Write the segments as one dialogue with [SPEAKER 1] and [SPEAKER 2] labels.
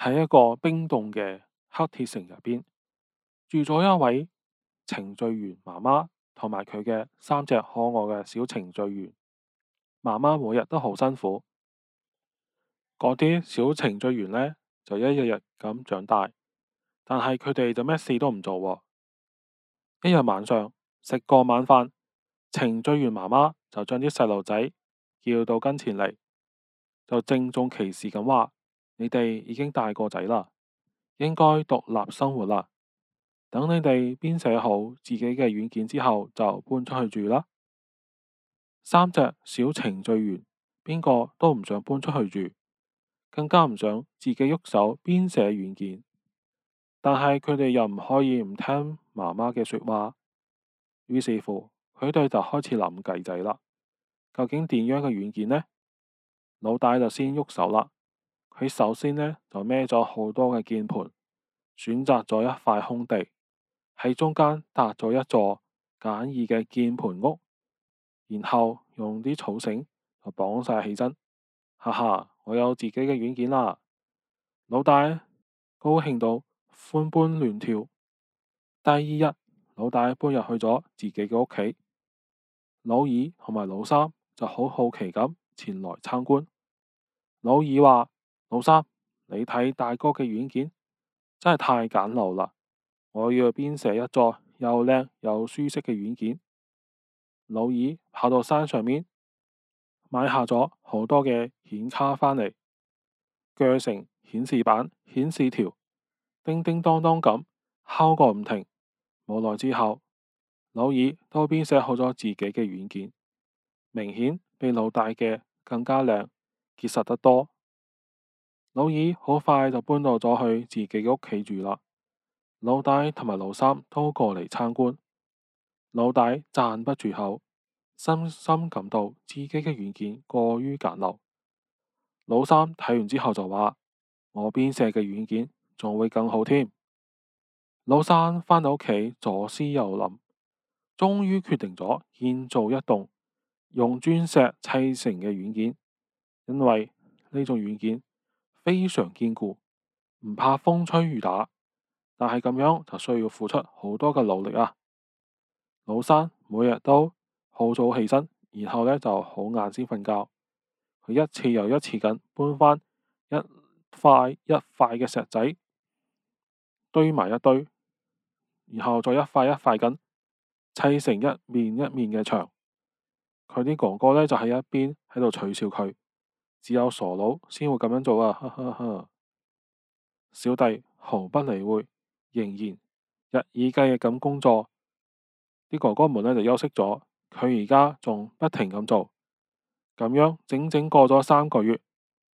[SPEAKER 1] 喺一個冰凍嘅黑鐵城入邊，住咗一位程序員媽媽同埋佢嘅三隻可愛嘅小程序員。媽媽每日都好辛苦，嗰啲小程序員呢就一日日咁長大，但係佢哋就咩事都唔做喎。一日晚上食過晚飯，程序員媽媽就將啲細路仔叫到跟前嚟，就鄭重其事咁話。你哋已經大個仔啦，應該獨立生活啦。等你哋編寫好自己嘅軟件之後，就搬出去住啦。三隻小程序員邊個都唔想搬出去住，更加唔想自己喐手編寫軟件。但係佢哋又唔可以唔聽媽媽嘅說話，於是乎佢哋就開始諗計仔啦。究竟點樣嘅軟件呢？老大就先喐手啦。佢首先呢，就孭咗好多嘅鍵盤，選擇咗一塊空地喺中間搭咗一座簡易嘅鍵盤屋，然後用啲草繩就綁晒起身。哈哈，我有自己嘅軟件啦！老大高興到歡蹦亂跳。第二日，老大搬入去咗自己嘅屋企，老二同埋老三就好好奇咁前來參觀。老二話。老三，你睇大哥嘅軟件真係太簡陋啦！我要編寫一座又靚又舒適嘅軟件。老二跑到山上面買下咗好多嘅顯卡返嚟，鋸成顯示板、顯示條，叮叮噹噹咁敲個唔停。冇耐之後，老二都編寫好咗自己嘅軟件，明顯比老大嘅更加靚、結實得多。老二好快就搬到咗去自己嘅屋企住啦。老大同埋老三都過嚟參觀，老大讚不絕口，深深感到自己嘅軟件過於簡陋。老三睇完之後就話：我編寫嘅軟件仲會更好添。老三返到屋企左思右諗，終於決定咗建造一棟用磚石砌成嘅軟件，因為呢種軟件，非常堅固，唔怕風吹雨打，但係咁樣就需要付出好多嘅努力啊！老三每日都好早起身，然後呢就好晏先瞓覺。佢一次又一次咁搬翻一塊一塊嘅石仔堆埋一堆，然後再一塊一塊咁砌成一面一面嘅牆。佢啲哥哥呢就喺一邊喺度取笑佢。只有傻佬先會咁樣做啊！呵呵呵。小弟毫不理會，仍然日以繼日咁工作。啲哥哥們呢，就休息咗，佢而家仲不停咁做。咁樣整整過咗三個月，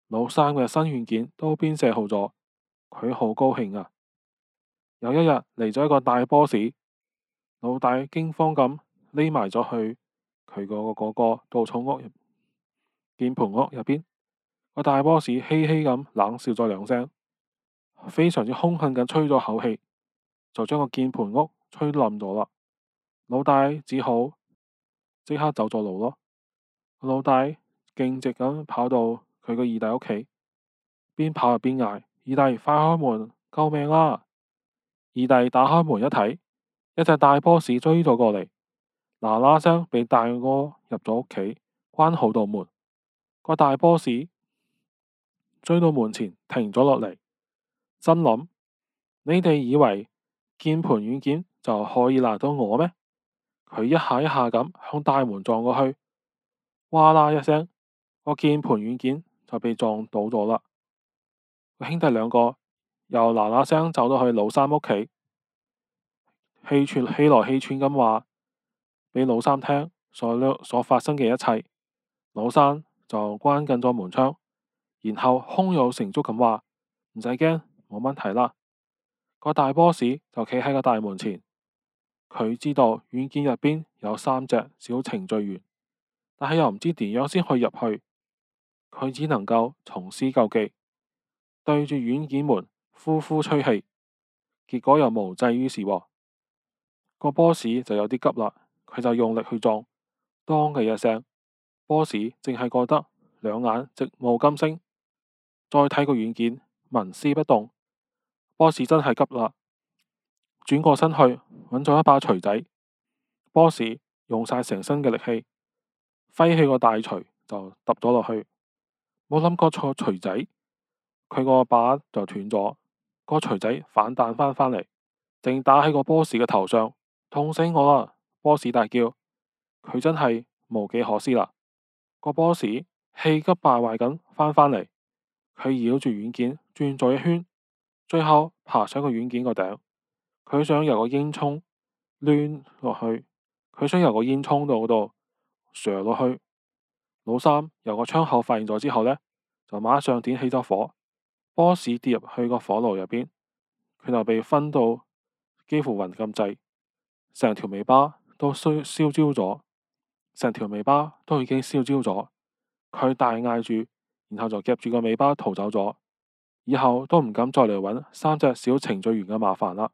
[SPEAKER 1] 老三嘅新軟件都編寫好咗，佢好高興啊！有一日嚟咗一個大 boss，老大驚慌咁匿埋咗去佢個個個稻草屋入間棚屋入邊。個大 boss 嘻嘻咁冷笑咗兩聲，非常之凶狠咁吹咗口氣，就將個鍵盤屋吹冧咗喇。老大只好即刻走咗路咯。老大徑直咁跑到佢個二弟屋企，邊跑又邊嗌：二弟，快開門，救命啦！二弟打開門一睇，一隻大 boss 追咗過嚟，嗱嗱聲俾大哥入咗屋企，關好道門。個大 boss，追到門前，停咗落嚟，心諗：你哋以為鍵盤軟件就可以拿到我咩？佢一下一下咁向大門撞過去，嘩啦一聲，我鍵盤軟件就被撞倒咗啦。兄弟兩個又嗱嗱聲走到去老三屋企，氣喘氣來氣喘咁話，俾老三聽所所發生嘅一切。老三就關緊咗門窗。然後胸有成竹咁話，唔使驚，冇問題啦。個大 boss 就企喺個大門前，佢知道軟件入邊有三隻小程序員，但係又唔知點樣先可以入去。佢只能夠重施舊技，對住軟件門呼呼吹氣，結果又無濟於事。個 boss 就有啲急啦，佢就用力去撞，當嘅一聲，boss 淨係覺得兩眼直冒金星。再睇個軟件，紋絲不動。波士真係急啦，轉過身去揾咗一把錘仔。波士用晒成身嘅力氣揮起個大錘，就揼咗落去。冇諗過錯錘仔，佢個把就斷咗，個錘仔反彈翻返嚟，正打喺個波士嘅頭上，痛死我啦！波士大叫，佢真係無計可施啦。個波士氣急敗壞咁返返嚟。佢繞住軟件轉咗一圈，最後爬上個軟件個頂。佢想由個煙囪亂落去，佢想由個煙囪度嗰度上落去。老三由個窗口發現咗之後呢，就馬上點起咗火，波士跌入去個火爐入邊，佢就被熏到幾乎暈咁滯，成條尾巴都燒燒焦咗，成條尾巴都已經燒焦咗。佢大嗌住。然後就夾住個尾巴逃走咗，以後都唔敢再嚟搵三隻小程序員嘅麻煩啦。